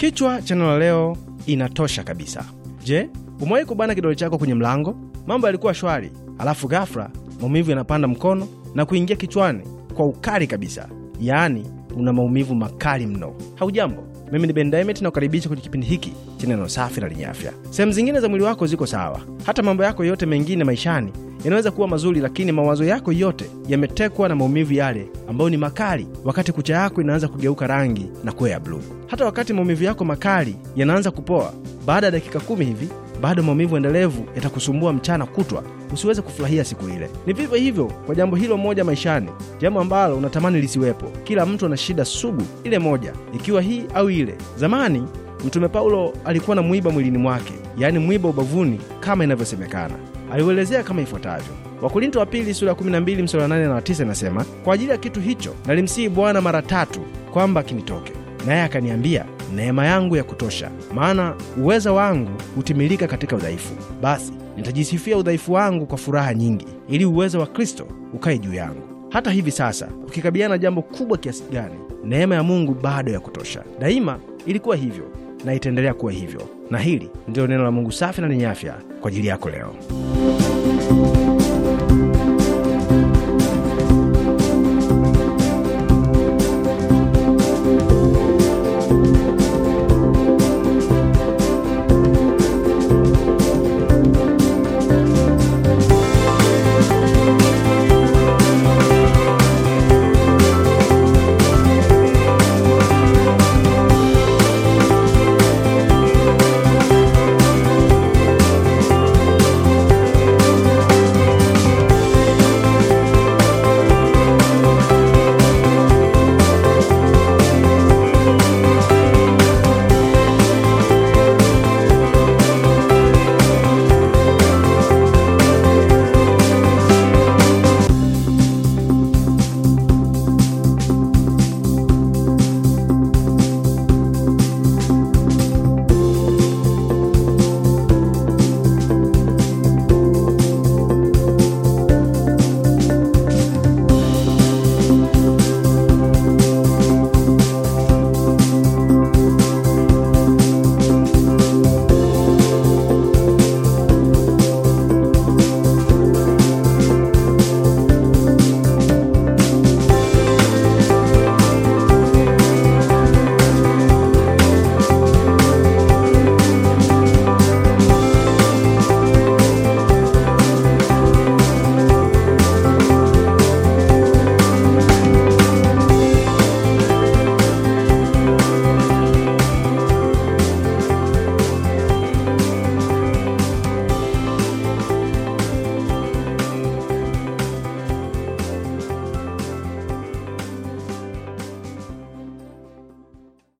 Kichwa cha neno la leo, inatosha kabisa. Je, umewahi kubana kidole chako kwenye mlango? Mambo yalikuwa shwari, alafu ghafla maumivu yanapanda mkono na kuingia kichwani kwa ukali kabisa, yaani una maumivu makali mno. Haujambo, mimi ni bendamet na kukaribisha kwenye kipindi hiki cha neno safi na lenye afya. Sehemu zingine za mwili wako ziko sawa, hata mambo yako yote mengine maishani yanaweza kuwa mazuri, lakini mawazo yako yote yametekwa na maumivu yale ambayo ni makali, wakati kucha yako inaanza kugeuka rangi na kuwa ya bluu. Hata wakati maumivu yako makali yanaanza kupoa, baada ya dakika kumi hivi bado maumivu endelevu yatakusumbua mchana kutwa usiweze kufurahia siku ile. Ni vivyo hivyo kwa jambo hilo moja maishani, jambo ambalo unatamani lisiwepo. Kila mtu ana shida sugu ile moja, ikiwa hii au ile. Zamani Mtume Paulo alikuwa na mwiba mwilini mwake, yaani mwiba ubavuni kama inavyosemekana. Aliuelezea kama ifuatavyo. Wakorinto wa pili sura ya 12 mstari wa 8 na 9 inasema, kwa ajili ya kitu hicho nalimsihi Bwana mara tatu kwamba kinitoke naye akaniambia neema yangu ya kutosha, maana uweza wangu hutimilika katika udhaifu. Basi nitajisifia udhaifu wangu kwa furaha nyingi, ili uweza wa Kristo ukae juu yangu. Hata hivi sasa, ukikabiliana na jambo kubwa kiasi gani, neema ya Mungu bado ya kutosha. Daima ilikuwa hivyo na itaendelea kuwa hivyo, na hili ndilo neno la Mungu safi na lenye afya kwa ajili yako leo.